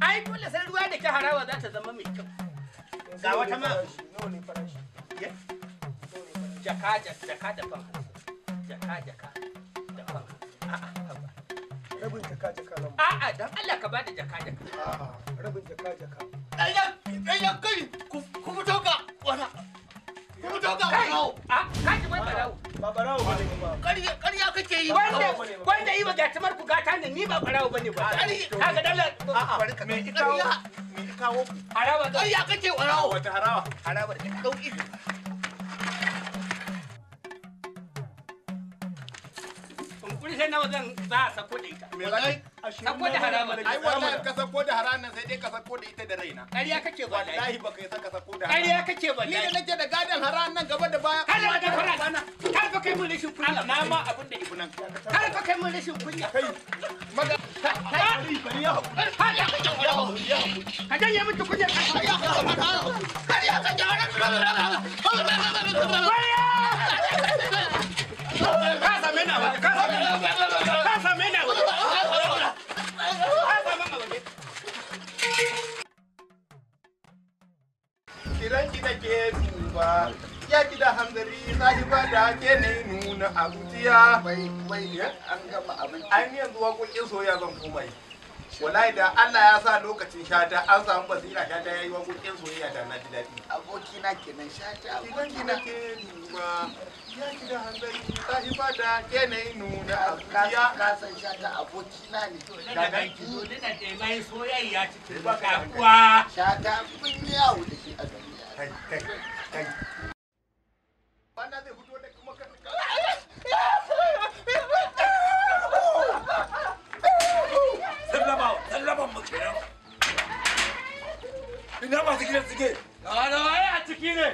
ai dole sai ruwa da ke harawa za ta zama mai kyau ga wata ma jaka jaka da fan jaka jaka da fan rabin jaka jaka a'a don Allah ka bada jaka jaka a'a rabin jaka jaka kai ku fito ga wani ku fito barawo a kaji mai barawo ba barawo ba ne ba kuke yi wanda wanda yi wa ku gata ne ni ba barawo bane ba kaga dalar harawa ya kake wata harawa harawa sai nawa zan za a sako da ita sako da ai ka sako da harama sai dai ka sako da ita da raina kake ba wallahi baka yi sako da kake ba ni da nake da gadan nan gaba da baya kada kai mun rashin kunya na ma abin da ibunan kar ka kai mun rashin kunya kai maga kai bari ya ha ya ka jawo ya ka janye miki kunya ka ya ka jawo ka ya ka jawo ka same na ba ka same na ba ka same na ba Kiran ki da ke duba. ki da hanzari ba da ke ne nuna abuciya bai bai an gama abin an yanzu wa kun waƙoƙin soya zan koma yi wallahi da Allah ya sa lokacin shata an samu basira shata yayi waƙoƙin soyayya da na daɗi abokina kenan shata abokina ke ya ki da hanzari ba da ke ne nuna abuciya ka san shata abokina ne to da kai ki zo da taimai soyayya cikin kuwa. shata kun yawo da shi a duniya kai kai kai bana zai sallama ina masu gidan suke ana a ciki ne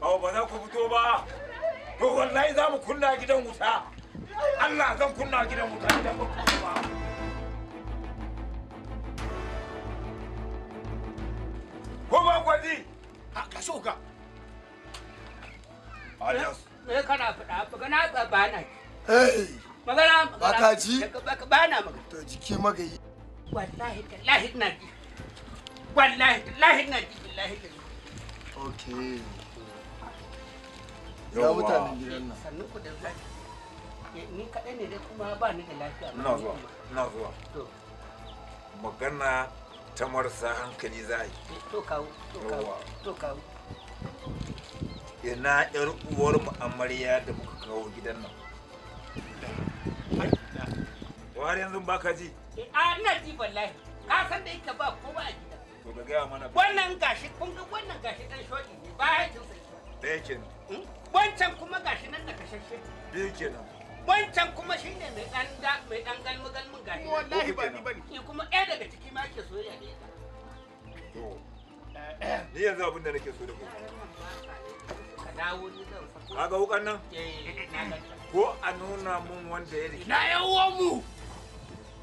awo ba za ku fito ba to wallahi za mu kunna gidan wuta zan kunna gidan wuta idan ba ba ka Me kana faɗa magana ba na. Eh. Magana magana. Baka ji? Ba na magana. To jiki magayi. Wallahi tallahi ina ji. Wallahi tallahi ina ji billahi da. Okay. Ya mutanen gidan nan. Sannu ku da lafiya. Ni kaɗai ne dai kuma ba ni da lafiya. Ina zuwa. Ina zuwa. To. Magana ta marasa hankali za a yi. To kawo. To kawo. To kawo. ina yar uwar mu amarya da muka kawo gidan nan har yanzu ba ka ji eh, a ah, ina ji wallahi ka san da yake ba ba a gidan to ga gaya mana wannan gashi kun ga wannan gashi dan shoki ne ba ya jin da yake hmm? wancan kuma gashi nan da kashashe da yake nan wancan kuma shi ne mai dan da mai dan galmu galmun gashi wallahi ba ni bane ni kuma ɗaya daga ciki ma ke soyayya da ita to ni yanzu abin da nake so da ku kaga wukan nan ko a nuna mun wanda ya rike na yawon mu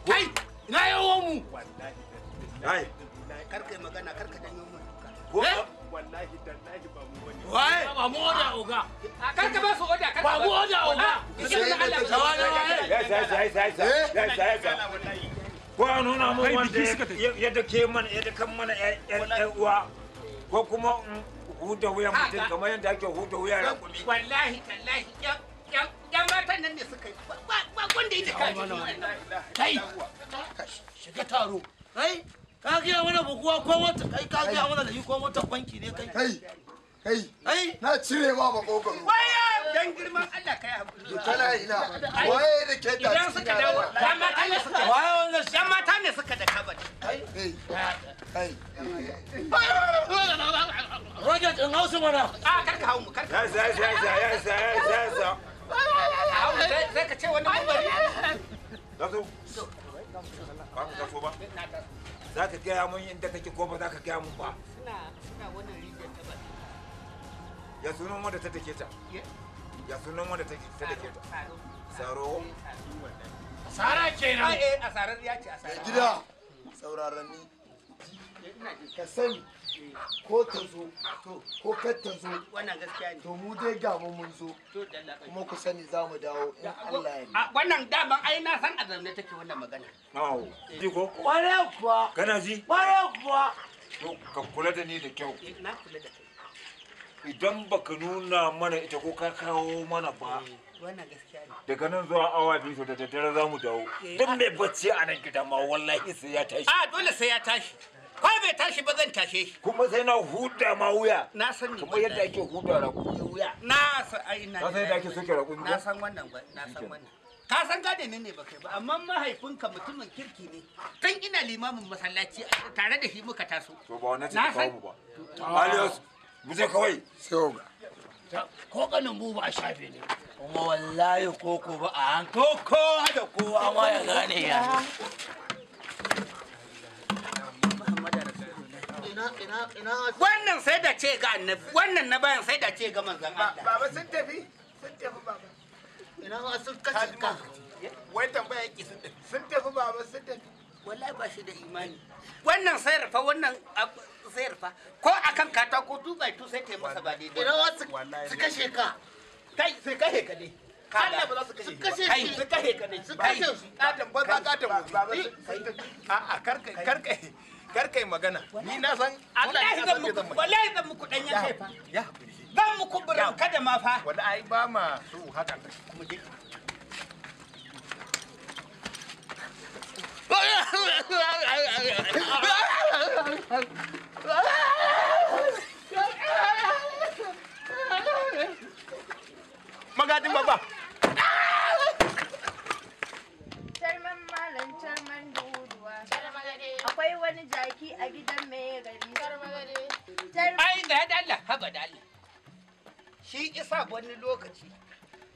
kai na yawon mu wallahi karka magana karka danyo mun ko wallahi tallahi ba mu wani wai ba mu oda oga karka ba su oda karka ba mu oda oga ko a nuna mun wanda yadda ke mana yadda kan mana yan uwa ko kuma huta wuyan mutum kamar yadda ake huta wuyan rakumi wallahi tallahi yan matan nan ne suka yi ba wanda ya jika kai shiga taro kai ka gaya mana buguwa ko wata kai ka gaya mana da yi ko wata banki ne kai kai kai kai na cire ma makogaro waya dan girman Allah kai hakuri kana ina waye da ke da idan suka ne suka mata ne suka da Roger in hausu mana. A karka hau mu karka. Yasa yasa yasa yasa yasa Za ka gaya mun inda kake ko ba za ka gaya mun ba. Suna suna wannan ta ba. Ya ta Saro. Sara kenan. Eh, sauraranni ka sani ko ta zo ko kar ta zo to mu dai ga mu mun zo kuma ku sani za mu dawo in Allah ya yi wannan daman ai na san a zaune take wannan magana awo ji ko kware kuwa kana ji kware kuwa to ka kula da ni da kyau eh, na kula da kai idan baka nuna mana ita ko ka kawo mana ba eh, wannan gaskiya daga nan zuwa awa biyu da daddare za mu dawo eh, duk mai bacci a nan gidan ma wallahi sai ya tashi a dole sai ya tashi kai bai tashi ba zan tashe shi kuma sai na huda ma wuya na san ni kuma yadda ake huda rakumi wuya na san ai na san yadda ake soke rakumi na san wannan ba na san wannan ka san gane ne ne ba ba amma mahaifinka mutumin kirki ne tun ina limamin masallaci tare da shi muka taso to ba wannan ce ta ba alias mu je kawai sai ko kanin buba a shafe ne kuma wallahi koko ba a koko da kowa ma ya gane ya wannan sai da ce ga annabi wannan na bayan sai da ce ga manzon Allah baba sun tafi sun tafi baba ina wai tambaya sun tafi sun tafi baba sun tafi wallahi ba shi da imani wannan sayar fa wannan sayar fa ko akan katako two by two sai ta yi masa ba daidai ina wasu su kashe ka kai sai kashe ka dai Allah ba za su kashe ka kai su kashe ka dai su kashe su katan ba za katan ba a karkai karkai karkai magana ni na san Allah ya san me zan mai wallahi zan muku dan yanke fa ya hakuri zan muku buran kada ma fa wallahi ba ma su haka kuma dai Magadin baba. Tarman malam tarman duduwa. Akwai wani jaki a gidan mai gari. Ayin da ya Allah haba da Allah. Shi isa wani lokaci.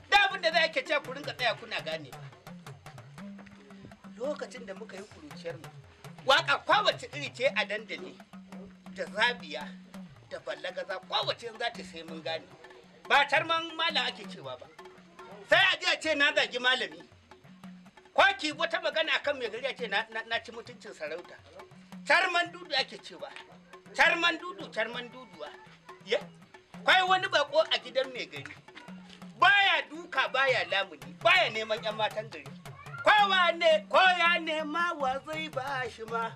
Da abin da za ke ce ku rinka tsaya kuna gane. lokacin da muka yi kuruciyar mu waka kwawace iri ce a dandali da zabiya da za kwawace za ta sai mun gane ba tarman malam ake cewa ba sai a ce na zagi malami kwaki wata magana akan mai gari ce na ci mutuncin sarauta tarman dudu ake cewa tarman dudu tarman duduwa kwai wani bako a gidan mai gari baya duka baya lamuni baya neman yan matan gari kowane ko ya nema wa zai ba shi ma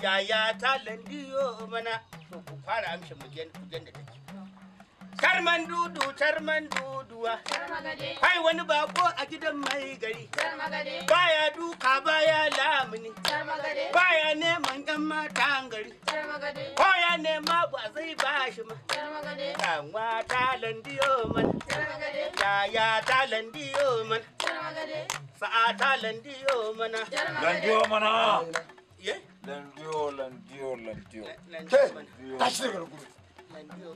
yaya ta landiyo mana to ku fara amshin mugen kujen da take Tarman dudu, tarman duduwa. Kai wani bako a gidan mai gari. Baya duka baya lamuni. Baya neman yan matan gari. koya ne ma ba zai ba shi ma. Kanwa ta landiyo man. Yaya ta landiyo man. sa'ata landiyo mana landiyo mana ye landiyo landiyo landiyo ke tashi daga gudu landiyo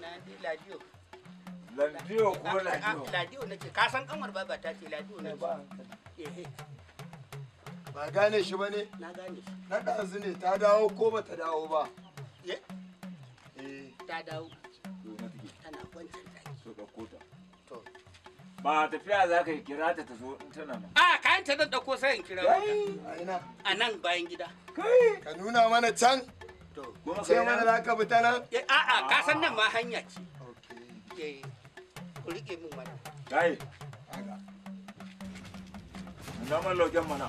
landiyo landiyo ko ah, ah, landiyo landiyo nake ka san kamar baba ta ce landiyo ne eh, ba ba gane shi ba ne na gane shi na ɗazu ne ta dawo ko ba ta dawo ba ye eh. ta dawo Ba tafiya za ka kira ta ta zo tana nan. A ah, kayan ta ko sai in kira mata. A nan bayan gida. Kai. Ka nuna mana can. To. Kuma sai mana za ka fita nan. Eh, a'a ka san ah. nan ma hanya ce. Okay. Eh, ku riƙe mun mana. Kai. Aga. Ina man loken mana.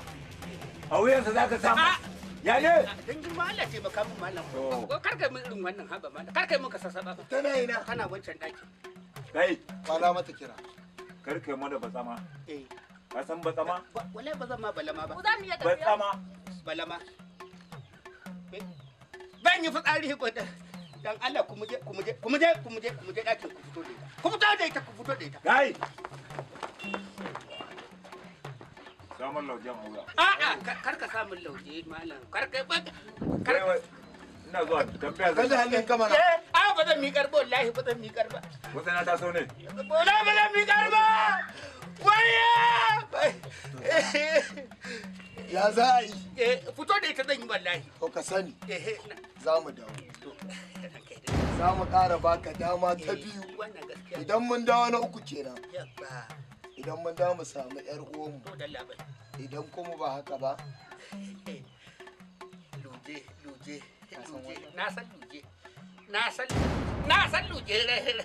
A wuyansa za ka samu. Ah! ya ne dan girma Allah ce baka mun mallam ko kar kai mun irin wannan haba mallam kar kai mun ka sasaba tana ina kana wancan daki kai kwana mata kira kar kai mana batsama eh san batsama wallahi ba ma balama ba mu iya tafiya batsama balama ban yi fitsari ko da dan Allah ku muje ku muje ku muje ku muje ku muje dakin ku fito da ita ku fito da ita ku fito da ita gai samun a'a samun lauje malam ba ina zuwa da halin kamar eh wallahi ba zan miƙar ba wallahi ba zan miƙar ba wata na taso ne ba zan miƙar ba waya ya za a yi eh, fito da ita zan yi wallahi ka sani eh, eh, za mu dawo za mu ƙara baka dama ta biyu idan mun dawo na uku kenan idan mun dawo mu samu yar uwanmu idan kuma ba haka ba luje luje luje na san luje na san na san luje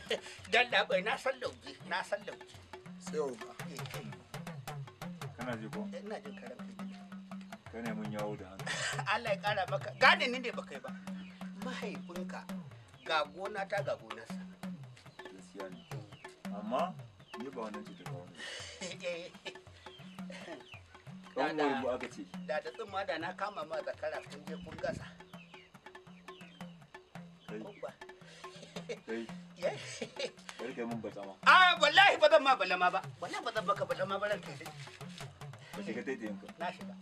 dan labai na san luje na san luje tsayo ba eh, kana ji ko eh, ina jin karamci ka ne mun yawo da hankali Allah ya kara maka gane ni ne baka yi ba mahaifinka ga gona ta ga gonarsa gaskiya ne amma ni ba wannan ce ta kawo ne ɗan ba aka ce da da tsimma da na kama ma zakara kun je kun gasa Kai. mun bata ma. Ah wallahi ba zan ma balama ba. Wallahi ba zan baka balama ba ran kai. Ba shiga dai Na shiga.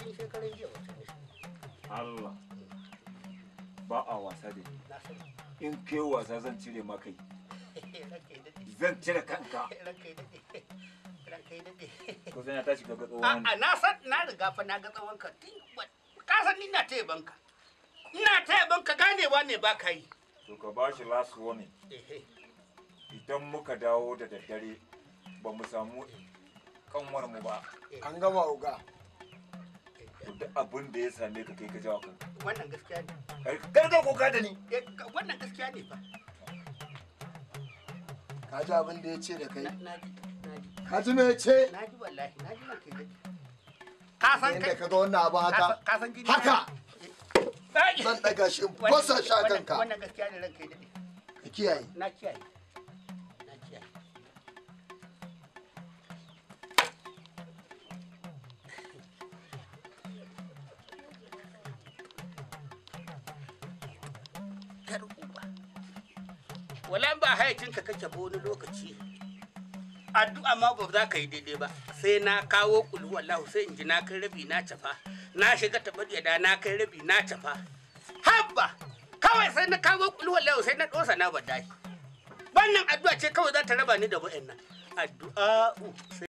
Kin shekarun jiya wata ne. Allah. Ba a wasa da ni. In kai wasa zan cire ma kai. Zan cire kanka. Ko sai na tashi ga tsawon. A'a na san na riga fa na ga tsawon ka. Ka san ni na taya banka. Ina taya banka ganewa ne ba ka yi. so ka ba shi last warning idan muka dawo da daddare ba mu samu kanwar mu ba an gama uga duk abin da ya same ka kai ka jawo kanka wannan gaskiya ne karka koka da ni wannan gaskiya ne fa ka ji abin da ya ce da kai ka ji me ya ce na ji wallahi na ji ma kai ka san kai ka ga wannan abu haka haka zan daga shi basa shi a kanka wannan gaskiya ne ranka kiyaye na kiyaye na kiyaye walan ba hayacinka kake ba wani lokaci addu'a ma ba za ka yi daidai ba sai na kawo kulu wallahu sai in ji na kai rabi na cafa na shiga taɓa da na kai rabi na tafa habba kawai sai na kawo kulwar layo sai na ɗosa na shi. wannan addu'a ce kawai za ta raba ni da wa'annan addu'a